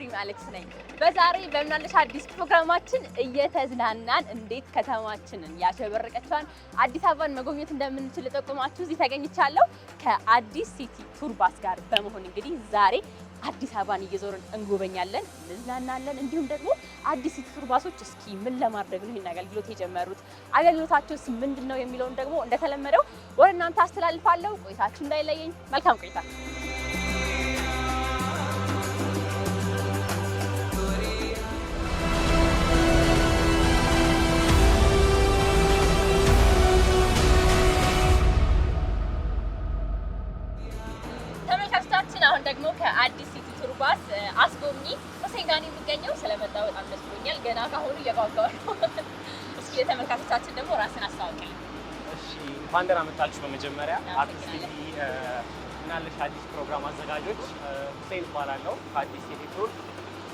ድሪም አሌክስ ነኝ። በዛሬ በምናለሽ አዲስ ፕሮግራማችን እየተዝናናን እንዴት ከተማችንን ያሸበረቀችዋን አዲስ አበባን መጎብኘት እንደምንችል ጠቁማችሁ እዚህ ተገኝቻለሁ ከአዲስ ሲቲ ቱር ባስ ጋር በመሆን እንግዲህ ዛሬ አዲስ አበባን እየዞርን እንጎበኛለን፣ እንዝናናለን። እንዲሁም ደግሞ አዲስ ሲቲ ቱር ባሶች እስኪ ምን ለማድረግ ነው ይህን አገልግሎት የጀመሩት፣ አገልግሎታቸውስ ምንድን ነው የሚለውን ደግሞ እንደተለመደው ወደ እናንተ አስተላልፋለሁ። ቆይታችሁ እንዳይለየኝ። መልካም ቆይታ ጎንደር አመጣችሁ። በመጀመሪያ አርቲስት ቲቪ እናለሽ አዲስ ፕሮግራም አዘጋጆች፣ ሁሴን እባላለሁ ከአዲስ ቲቪ ቱር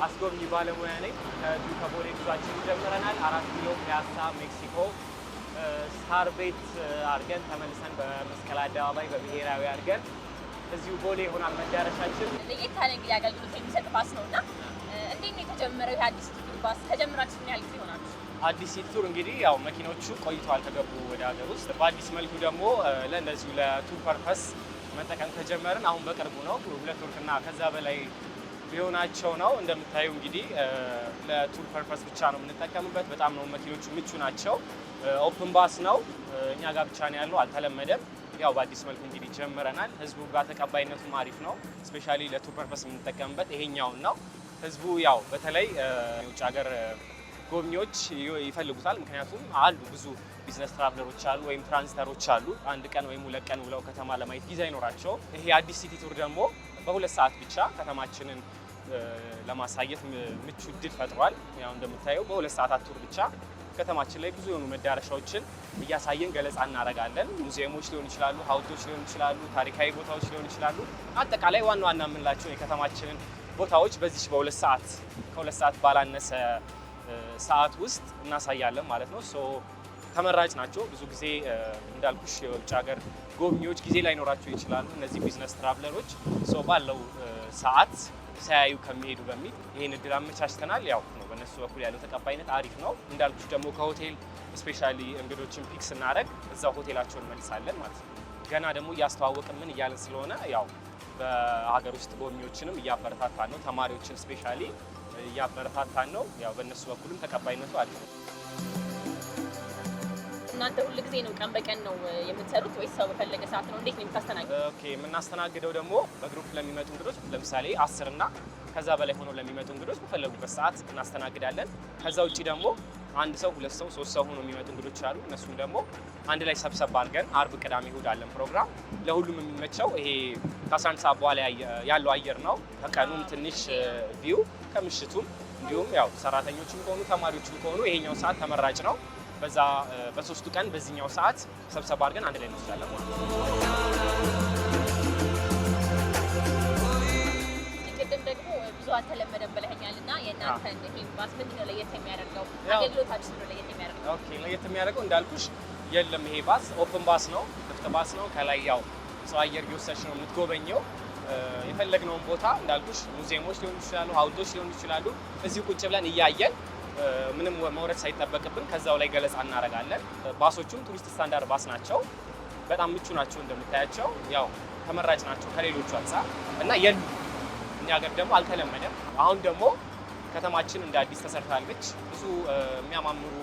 አስጎብኚ ባለሙያ ነኝ። ከዚሁ ከቦሌ ጉዟችን ጀምረናል። አራት ኪሎ ፒያሳ ሜክሲኮ ስታር ቤት አድርገን ተመልሰን በመስቀል አደባባይ በብሔራዊ አድርገን እዚሁ ቦሌ ይሆናል መዳረሻችን። ለየት ያለ እንግዲህ አገልግሎት የሚሰጥ ባስ ነው እና እንዴት ነው የተጀመረው? የአዲስ ቲቪ ባስ ተጀምራችሁ ምን ያህል ጊዜ ይሆናል? አዲስ ሲቲ ቱር እንግዲህ ያው መኪኖቹ ቆይተዋል አልተገቡ ወደ ሀገር ውስጥ። በአዲስ መልኩ ደግሞ ለነዚሁ ለቱር ፐርፐስ መጠቀም ከጀመርን አሁን በቅርቡ ነው። ሁለት ወርና ከዛ በላይ ቢሆናቸው ነው። እንደምታዩ እንግዲህ ለቱር ፐርፐስ ብቻ ነው የምንጠቀምበት። በጣም ነው መኪኖቹ ምቹ ናቸው። ኦፕን ባስ ነው፣ እኛ ጋር ብቻ ነው ያለው፣ አልተለመደም። ያው በአዲስ መልኩ እንግዲህ ጀምረናል። ህዝቡ ጋር ተቀባይነቱም አሪፍ ነው። ስፔሻሊ ለቱር ፐርፐስ የምንጠቀምበት ይሄኛውን ነው። ህዝቡ ያው በተለይ የውጭ ሀገር ጎብኚዎች ይፈልጉታል። ምክንያቱም አሉ ብዙ ቢዝነስ ትራቭለሮች አሉ ወይም ትራንዚተሮች አሉ። አንድ ቀን ወይም ሁለት ቀን ውለው ከተማ ለማየት ጊዜ አይኖራቸው። ይሄ አዲስ ሲቲ ቱር ደግሞ በሁለት ሰዓት ብቻ ከተማችንን ለማሳየት ምቹ እድል ፈጥሯል። ያው እንደምታየው በሁለት ሰዓታት ቱር ብቻ ከተማችን ላይ ብዙ የሆኑ መዳረሻዎችን እያሳየን ገለጻ እናደርጋለን። ሙዚየሞች ሊሆን ይችላሉ፣ ሀውልቶች ሊሆን ይችላሉ፣ ታሪካዊ ቦታዎች ሊሆን ይችላሉ። አጠቃላይ ዋና ዋና የምንላቸው የከተማችንን ቦታዎች በዚች በሁለት ሰዓት ከሁለት ሰዓት ባላነሰ ሰዓት ውስጥ እናሳያለን ማለት ነው። ሶ ተመራጭ ናቸው። ብዙ ጊዜ እንዳልኩሽ የውጭ ሀገር ጎብኚዎች ጊዜ ላይኖራቸው ይችላሉ። እነዚህ ቢዝነስ ትራቭለሮች ሰው ባለው ሰዓት ሳያዩ ከሚሄዱ በሚል ይህን እድል አመቻችተናል። ያው ነው በእነሱ በኩል ያለው ተቀባይነት አሪፍ ነው። እንዳልኩሽ ደግሞ ከሆቴል ስፔሻሊ እንግዶችን ፒክ እናደረግ እዛው ሆቴላቸውን እንመልሳለን ማለት ነው። ገና ደግሞ እያስተዋወቅን ምን እያለን ስለሆነ ያው በሀገር ውስጥ ጎብኚዎችንም እያበረታታ ነው። ተማሪዎችን ስፔሻሊ እያበረታታን ነው። ያው በእነሱ በኩልም ተቀባይነቱ አለ። እናንተ ሁል ጊዜ ነው ቀን በቀን ነው የምትሰሩት ወይስ ሰው በፈለገ ሰዓት ነው? እንዴት ነው የምታስተናግደው? ኦኬ የምናስተናግደው ደግሞ በግሩፕ ለሚመጡ እንግዶች ለምሳሌ አስር እና ከዛ በላይ ሆኖ ለሚመጡ እንግዶች በፈለጉበት ሰዓት እናስተናግዳለን። ከዛ ውጭ ደግሞ አንድ ሰው ሁለት ሰው ሶስት ሰው ሆኖ የሚመጡ እንግዶች አሉ። እነሱም ደግሞ አንድ ላይ ሰብሰብ አድርገን አርብ፣ ቅዳሜ፣ እሁድ አለን ፕሮግራም። ለሁሉም የሚመቸው ይሄ ከአስራ አንድ ሰዓት በኋላ ያለው አየር ነው። ከቀኑም ትንሽ ቪው ከምሽቱም እንዲሁም ያው ሰራተኞችም ከሆኑ ተማሪዎችም ከሆኑ ይሄኛው ሰዓት ተመራጭ ነው። በዛ በሶስቱ ቀን በዚህኛው ሰዓት ሰብሰባ አድርገን አንድ ላይ እንወስዳለን ማለት ነው። ለየት የሚያደርገው? ለየት የሚያደርገው እንዳልኩሽ የለም ይሄ ባስ ኦፕን ባስ ነው፣ ክፍት ባስ ነው። ከላይ ያው ሰው አየር እየወሰድሽ ነው የምትጎበኘው የፈለግነውን ቦታ እንዳልኩሽ ሙዚየሞች ሊሆኑ ይችላሉ፣ ሀውልቶች ሊሆኑ ይችላሉ። እዚሁ ቁጭ ብለን እያየን ምንም መውረድ ሳይጠበቅብን ከዛው ላይ ገለጻ እናደርጋለን። ባሶቹም ቱሪስት ስታንዳርድ ባስ ናቸው። በጣም ምቹ ናቸው እንደምታያቸው፣ ያው ተመራጭ ናቸው ከሌሎቹ አንጻር እና የሉ እኛ ሀገር ደግሞ አልተለመደም። አሁን ደግሞ ከተማችን እንደ አዲስ ተሰርታለች። ብዙ የሚያማምሩ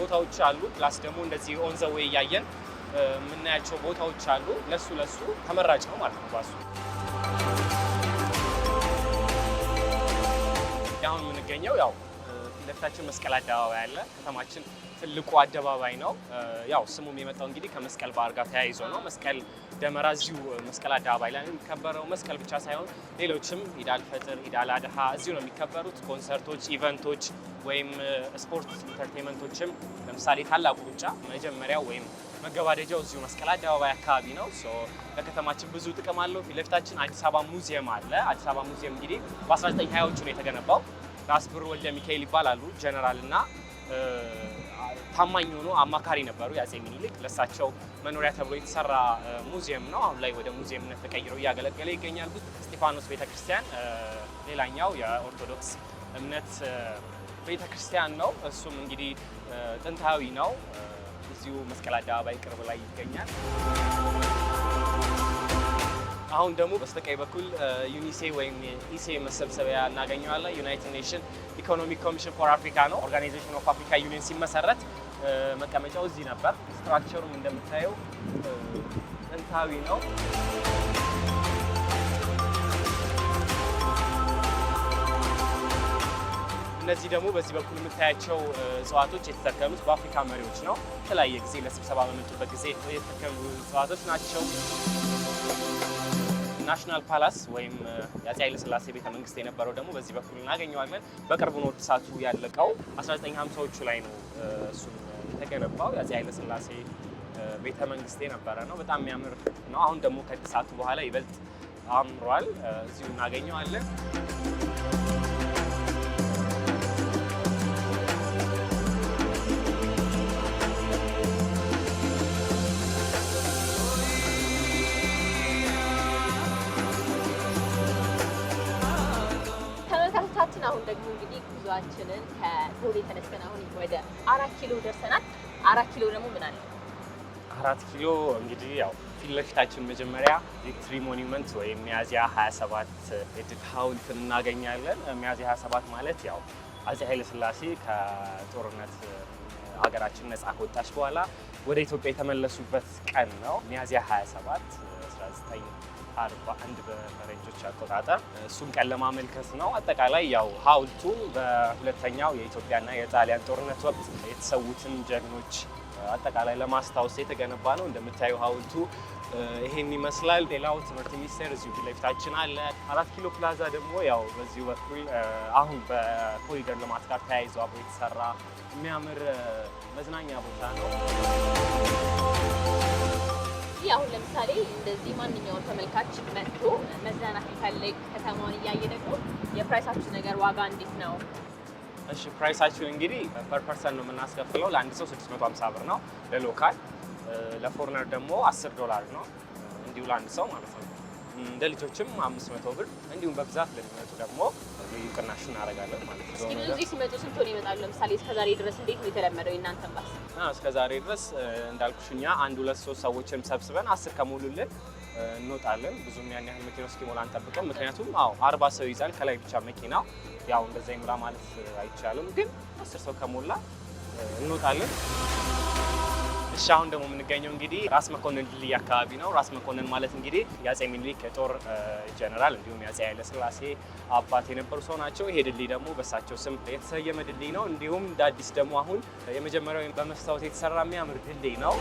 ቦታዎች አሉ። ፕላስ ደግሞ እንደዚህ ኦን እያየን የምናያቸው ቦታዎች አሉ። ለሱ ለሱ ተመራጭ ነው ማለት ነው ባሱ። አሁን የምንገኘው ያው ፊት ለፊታችን መስቀል አደባባይ አለ ከተማችን ትልቁ አደባባይ ነው። ያው ስሙም የመጣው እንግዲህ ከመስቀል በዓል ጋር ተያይዞ ነው። መስቀል ደመራ እዚሁ መስቀል አደባባይ ላይ የሚከበረው። መስቀል ብቻ ሳይሆን ሌሎችም ኢድ አልፈጥር፣ ኢድ አልአድሃ እዚሁ ነው የሚከበሩት። ኮንሰርቶች፣ ኢቨንቶች ወይም ስፖርት ኢንተርቴንመንቶችም ለምሳሌ ታላቁ ሩጫ መጀመሪያው ወይም መገባደጃው እዚሁ መስቀል አደባባይ አካባቢ ነው። ለከተማችን ብዙ ጥቅም አለው። ፊት ለፊታችን አዲስ አበባ ሙዚየም አለ። አዲስ አበባ ሙዚየም እንግዲህ በ1920ዎቹ ነው የተገነባው። ራስ ብሩ ወልደ ሚካኤል ይባላሉ ጀነራል እና ታማኝ ሆኖ አማካሪ ነበሩ የአጼ ሚኒሊክ። ለሳቸው መኖሪያ ተብሎ የተሰራ ሙዚየም ነው። አሁን ላይ ወደ ሙዚየምነት ተቀይሮ እያገለገለ ይገኛል። እስጢፋኖስ ቤተክርስቲያን ሌላኛው የኦርቶዶክስ እምነት ቤተክርስቲያን ነው። እሱም እንግዲህ ጥንታዊ ነው። እዚሁ መስቀል አደባባይ ቅርብ ላይ ይገኛል። አሁን ደግሞ በስተቀኝ በኩል ዩኒሴ ወይም ኢሴ መሰብሰቢያ እናገኘዋለን። ዩናይትድ ኔሽን ኢኮኖሚክ ኮሚሽን ፎር አፍሪካ ነው። ኦርጋናይዜሽን ኦፍ አፍሪካ ዩኒየን ሲመሰረት መቀመጫው እዚህ ነበር። ስትራክቸሩም እንደምታየው ጥንታዊ ነው። እነዚህ ደግሞ በዚህ በኩል የምታያቸው እጽዋቶች የተተከሉት በአፍሪካ መሪዎች ነው። የተለያየ ጊዜ ለስብሰባ በመጡበት ጊዜ የተተከሉ እጽዋቶች ናቸው። ናሽናል ፓላስ ወይም የአፄ ኃይለ ሥላሴ ቤተ መንግስት የነበረው ደግሞ በዚህ በኩል እናገኘዋለን። በቅርቡ ነው እድሳቱ ያለቀው። 1950ዎቹ ላይ ነው እሱም የተገነባው የአፄ ኃይለ ሥላሴ ቤተ መንግስት የነበረ ነው። በጣም የሚያምር ነው። አሁን ደግሞ ከእድሳቱ በኋላ ይበልጥ አምሯል። እዚሁ እናገኘዋለን። ጉዟችንን ከቦሌ ተነስተን አሁን ወደ አራት ኪሎ ደርሰናል። አራት ኪሎ ደግሞ ምን አለ? አራት ኪሎ እንግዲህ ያው ፊት ለፊታችን መጀመሪያ ቪክትሪ ሞኒመንት ወይም ሚያዚያ 27 የድል ሐውልትን እናገኛለን። ሚያዝያ 27 ማለት ያው አፄ ኃይለሥላሴ ከጦርነት ሀገራችን ነጻ ከወጣች በኋላ ወደ ኢትዮጵያ የተመለሱበት ቀን ነው። ሚያዝያ 27 19 41 በፈረንጆች አቆጣጠር እሱን ቀን ለማመልከት ነው። አጠቃላይ ያው ሀውልቱ በሁለተኛው የኢትዮጵያና የጣሊያን ጦርነት ወቅት የተሰዉትን ጀግኖች አጠቃላይ ለማስታወስ የተገነባ ነው። እንደምታዩ ሀውልቱ ይሄን ይመስላል። ሌላው ትምህርት ሚኒስቴር እዚሁ ፊት ለፊታችን አለ። አራት ኪሎ ፕላዛ ደግሞ ያው በዚሁ በኩል አሁን በኮሪደር ልማት ጋር ተያይዞ አብሮ የተሰራ የሚያምር መዝናኛ ቦታ ነው። ስለዚህ አሁን ለምሳሌ እንደዚህ ማንኛውም ተመልካች መጥቶ መዝናናት ሊፈልግ ከተማውን እያየ ደግሞ የፕራይሳችሁ ነገር ዋጋ እንዴት ነው? እሺ ፕራይሳችሁ እንግዲህ ፐር ፐርሰን ነው የምናስከፍለው። ለአንድ ሰው 650 ብር ነው ለሎካል፣ ለፎርነር ደግሞ 10 ዶላር ነው እንዲሁ ለአንድ ሰው ማለት ነው። እንደ ልጆችም 500 ብር እንዲሁም በብዛት ለሚመጡ ደግሞ ቅናሽ እናደርጋለን ማለት ነው። ብዙ ሲመጡ ስንት ሆነ ይመጣሉ? ለምሳሌ እስከዛሬ ድረስ እንዴት ነው የተለመደው የእናንተን ባስ? እስከዛሬ ድረስ እንዳልኩሽ እኛ አንድ ሁለት ሶስት ሰዎችን ሰብስበን አስር ከሞሉልን እንወጣለን። ብዙም ያን ያህል መኪናው እስኪሞላ አንጠብቅም። ምክንያቱም አዎ አርባ ሰው ይዛል ከላይ ብቻ መኪናው። ያው እንደዛ ይሙላ ማለት አይቻልም፣ ግን አስር ሰው ከሞላ እንወጣለን። እሺ አሁን ደግሞ የምንገኘው እንግዲህ ራስ መኮንን ድልድይ አካባቢ ነው። ራስ መኮንን ማለት እንግዲህ የአጼ ሚኒሊክ የጦር ጀነራል እንዲሁም የአጼ ኃይለስላሴ አባት የነበሩ ሰው ናቸው። ይሄ ድልድይ ደግሞ በሳቸው ስም የተሰየመ ድልድይ ነው። እንዲሁም እንደ አዲስ ደግሞ አሁን የመጀመሪያው በመስታወት የተሰራ የሚያምር ድልድይ ነው።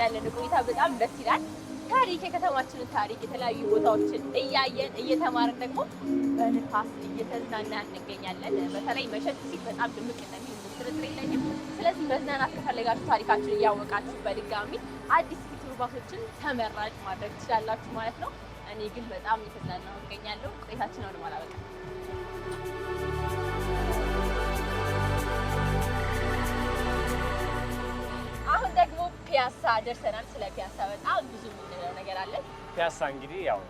ያለን ቆይታ በጣም ደስ ይላል። ታሪክ የከተማችንን ታሪክ የተለያዩ ቦታዎችን እያየን እየተማርን ደግሞ በንፋስ እየተዝናና እንገኛለን። በተለይ መሸት ሲል በጣም ድምቅ እንደሚል ምስርጥር የለኝም። ስለዚህ መዝናናት ከፈለጋችሁ ታሪካችን እያወቃችሁ በድጋሚ አዲስ ፊቱር ባሶችን ተመራጭ ማድረግ ትችላላችሁ ማለት ነው። እኔ ግን በጣም እየተዝናናሁ እገኛለሁ። ቆይታችን አሁንም አላበቃም። አሁን ደግሞ ፒያሳ ደርሰናል። ስለ ፒያሳ በጣም ብዙ የምንለው ነገር አለ። ፒያሳ እንግዲህ ያው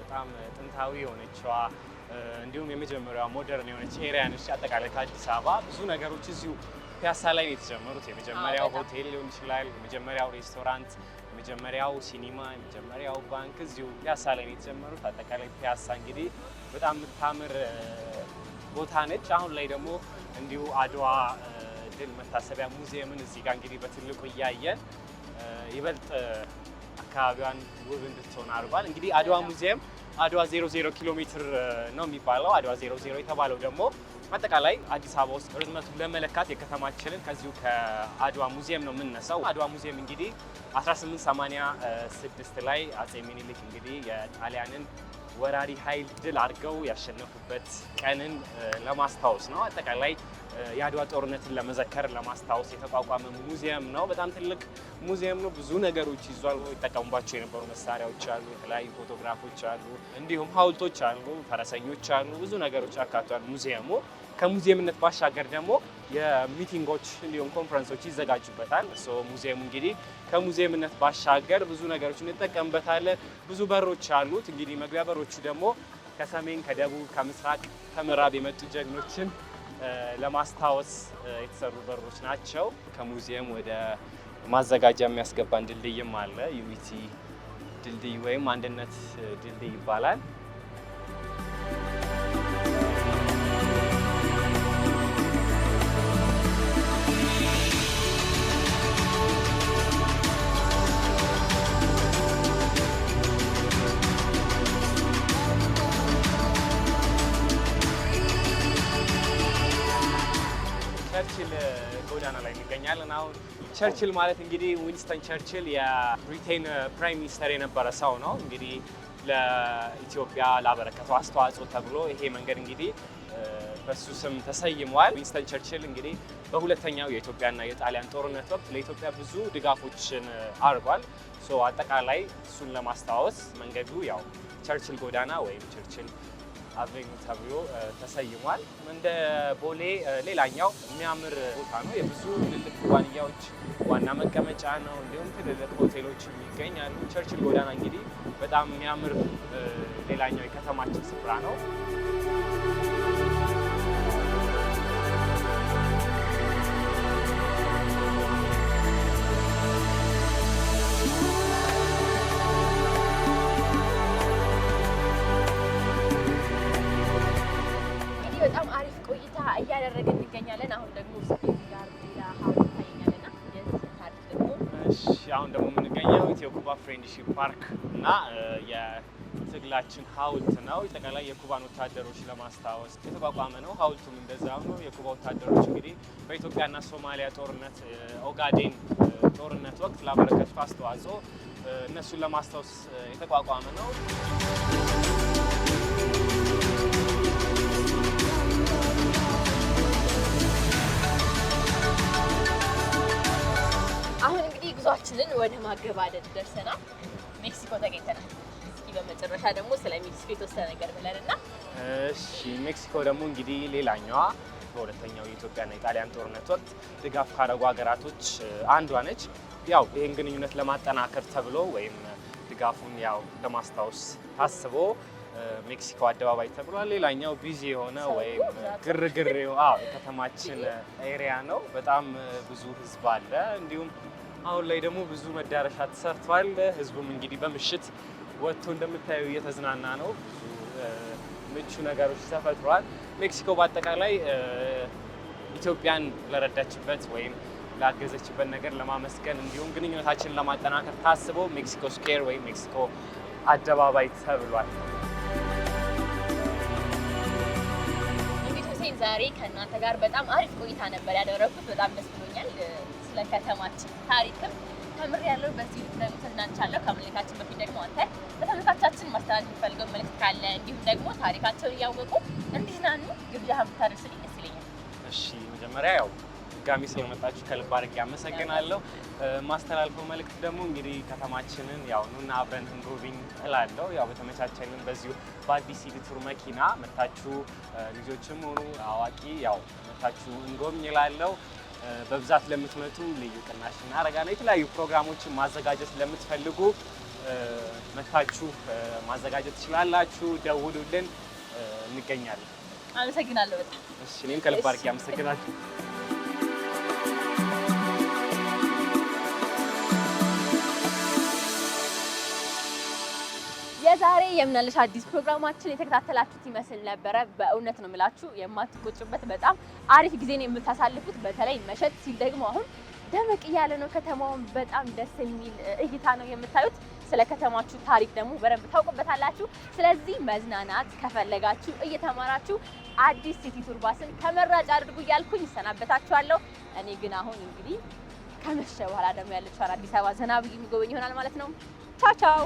በጣም ጥንታዊ የሆነችዋ እንዲሁም የመጀመሪያዋ ሞደርን የሆነች ኤሪያ ነች። አጠቃላይ ከአዲስ አበባ ብዙ ነገሮች እዚሁ ፒያሳ ላይ ነው የተጀመሩት። የመጀመሪያው ሆቴል ሊሆን ይችላል፣ የመጀመሪያው ሬስቶራንት፣ የመጀመሪያው ሲኒማ፣ የመጀመሪያው ባንክ እዚሁ ፒያሳ ላይ ነው የተጀመሩት። አጠቃላይ ፒያሳ እንግዲህ በጣም የምታምር ቦታ ነች። አሁን ላይ ደግሞ እንዲሁ አድዋ ድል መታሰቢያ ሙዚየምን እዚህ ጋር እንግዲህ በትልቁ እያየን ይበልጥ አካባቢዋን ውብ እንድትሆን አድርጓል። እንግዲህ አድዋ ሙዚየም አድዋ 00 ኪሎ ሜትር ነው የሚባለው። አድዋ 00 የተባለው ደግሞ አጠቃላይ አዲስ አበባ ውስጥ ርዝመቱን ለመለካት የከተማችንን ከዚሁ ከአድዋ ሙዚየም ነው የምንነሳው። አድዋ ሙዚየም እንግዲህ 1886 ላይ አጼ ሚኒሊክ እንግዲህ የጣሊያንን ወራሪ ኃይል ድል አድርገው ያሸነፉበት ቀንን ለማስታወስ ነው። አጠቃላይ የአድዋ ጦርነትን ለመዘከር ለማስታወስ የተቋቋመ ሙዚየም ነው። በጣም ትልቅ ሙዚየም ነው። ብዙ ነገሮች ይዟል። ይጠቀሙባቸው የነበሩ መሳሪያዎች አሉ፣ የተለያዩ ፎቶግራፎች አሉ፣ እንዲሁም ሀውልቶች አሉ፣ ፈረሰኞች አሉ፣ ብዙ ነገሮች አካቷል ሙዚየሙ። ከሙዚየምነት ባሻገር ደግሞ የሚቲንጎች እንዲሁም ኮንፈረንሶች ይዘጋጁበታል። ሙዚየሙ እንግዲህ ከሙዚየምነት ባሻገር ብዙ ነገሮች እንጠቀምበታለን። ብዙ በሮች አሉት። እንግዲህ መግቢያ በሮቹ ደግሞ ከሰሜን፣ ከደቡብ፣ ከምስራቅ፣ ከምዕራብ የመጡ ጀግኖችን ለማስታወስ የተሰሩ በሮች ናቸው። ከሙዚየም ወደ ማዘጋጃ የሚያስገባን ድልድይም አለ። ዩኒቲ ድልድይ ወይም አንድነት ድልድይ ይባላል። ቸርችል ጎዳና ላይ እንገኛለን። አሁን ቸርችል ማለት እንግዲህ ዊንስተን ቸርችል የብሪቴን ፕራይም ሚኒስተር የነበረ ሰው ነው። እንግዲህ ለኢትዮጵያ ላበረከተው አስተዋጽኦ ተብሎ ይሄ መንገድ እንግዲህ በሱ ስም ተሰይሟል። ዊንስተን ቸርችል እንግዲህ በሁለተኛው የኢትዮጵያና የጣሊያን ጦርነት ወቅት ለኢትዮጵያ ብዙ ድጋፎችን አድርጓል። አጠቃላይ እሱን ለማስታወስ መንገዱ ያው ቸርችል ጎዳና ወይም ቸርችል አቬኒው ተብሎ ተሰይሟል። እንደ ቦሌ ሌላኛው የሚያምር ቦታ ነው። የብዙ ትልልቅ ኩባንያዎች ዋና መቀመጫ ነው። እንዲሁም ትልልቅ ሆቴሎች ይገኛሉ። ቸርችል ጎዳና እንግዲህ በጣም የሚያምር ሌላኛው የከተማችን ስፍራ ነው። የኩባ ፍሬንድሺፕ ፓርክ እና የትግላችን ሀውልት ነው። ጠቃላይ የኩባን ወታደሮች ለማስታወስ የተቋቋመ ነው። ሀውልቱም እንደዛ ነው። የኩባ ወታደሮች እንግዲህ በኢትዮጵያና ሶማሊያ ጦርነት ኦጋዴን ጦርነት ወቅት ላበረከቱት አስተዋጽኦ እነሱን ለማስታወስ የተቋቋመ ነው። ጉዟችንን ወደ ማገባደድ ደርሰናል። ሜክሲኮ ተገኝተናል። እስኪ በመጨረሻ ደግሞ ስለ ሜክሲኮ የተወሰነ ነገር ብለን እና እሺ፣ ሜክሲኮ ደግሞ እንግዲህ ሌላኛዋ በሁለተኛው የኢትዮጵያና የጣሊያን ጦርነት ወቅት ድጋፍ ካደረጉ ሀገራቶች አንዷ ነች። ያው ይህን ግንኙነት ለማጠናከር ተብሎ ወይም ድጋፉን ያው ለማስታወስ ታስቦ ሜክሲኮ አደባባይ ተብሏል። ሌላኛው ቢዚ የሆነ ወይም ግርግር የከተማችን ኤሪያ ነው። በጣም ብዙ ህዝብ አለ እንዲሁም አሁን ላይ ደግሞ ብዙ መዳረሻ ተሰርቷል። ህዝቡም እንግዲህ በምሽት ወጥቶ እንደምታየው እየተዝናና ነው። ምቹ ነገሮች ተፈጥሯል። ሜክሲኮ በአጠቃላይ ኢትዮጵያን ለረዳችበት ወይም ላገዘችበት ነገር ለማመስገን እንዲሁም ግንኙነታችንን ለማጠናከር ታስቦ ሜክሲኮ ስኬር ወይም ሜክሲኮ አደባባይ ተብሏል። እንግዲህ ሁሴን ዛሬ ከእናንተ ጋር በጣም አሪፍ ቆይታ ነበር ያደረኩት። በጣም ደስ ብሎኛል። ስለ ከተማችን ታሪክም ተምር ያለው በዚህ ልትነግሩት እናንቻለሁ። ከምልካችን በፊት ደግሞ አንተ በተመልካቻችን ማስተላለፍ የሚፈልገው መልዕክት ካለ እንዲሁም ደግሞ ታሪካቸውን እያወቁ እንዲዝናኑ ግብዣህን ብታደርስልኝ ደስ ይለኛል። እሺ፣ መጀመሪያ ያው ድጋሚ ስለመጣችሁ ከልብ አድርጌ አመሰግናለሁ። ማስተላልፈው መልዕክት ደግሞ እንግዲህ ከተማችንን ያው ኑና አብረን እንጎብኝ እላለሁ። ያው በተመቻቸልን በዚሁ በአዲስ ሲቲ ቱር መኪና መታችሁ ልጆችም ሆኑ አዋቂ ያው መታችሁ እንጎብኝ እላለሁ። በብዛት ለምትመጡ ልዩ ቅናሽ እናደርጋለን። የተለያዩ ፕሮግራሞችን ማዘጋጀት ለምትፈልጉ መታችሁ ማዘጋጀት ትችላላችሁ። ደውሉልን፣ እንገኛለን። አመሰግናለሁ በጣም እሺ። እኔም ከልብ አድርጌ አመሰግናችሁ። ለዛሬ የምናለሽ አዲስ ፕሮግራማችን የተከታተላችሁት ይመስል ነበረ። በእውነት ነው የምላችሁ የማትቆጭበት በጣም አሪፍ ጊዜ ነው የምታሳልፉት። በተለይ መሸጥ ሲል ደግሞ አሁን ደመቅ እያለ ነው ከተማውን፣ በጣም ደስ የሚል እይታ ነው የምታዩት። ስለ ከተማችሁ ታሪክ ደግሞ በደንብ ታውቁበታላችሁ። ስለዚህ መዝናናት ከፈለጋችሁ እየተማራችሁ አዲስ ሲቲ ቱር ባስን ተመራጭ አድርጉ እያልኩኝ ይሰናበታችኋለሁ። እኔ ግን አሁን እንግዲህ ከመሸ በኋላ ደግሞ ያለችኋል አዲስ አበባ ዘና ብዬ የሚጎበኝ ይሆናል ማለት ነው። ቻው ቻው።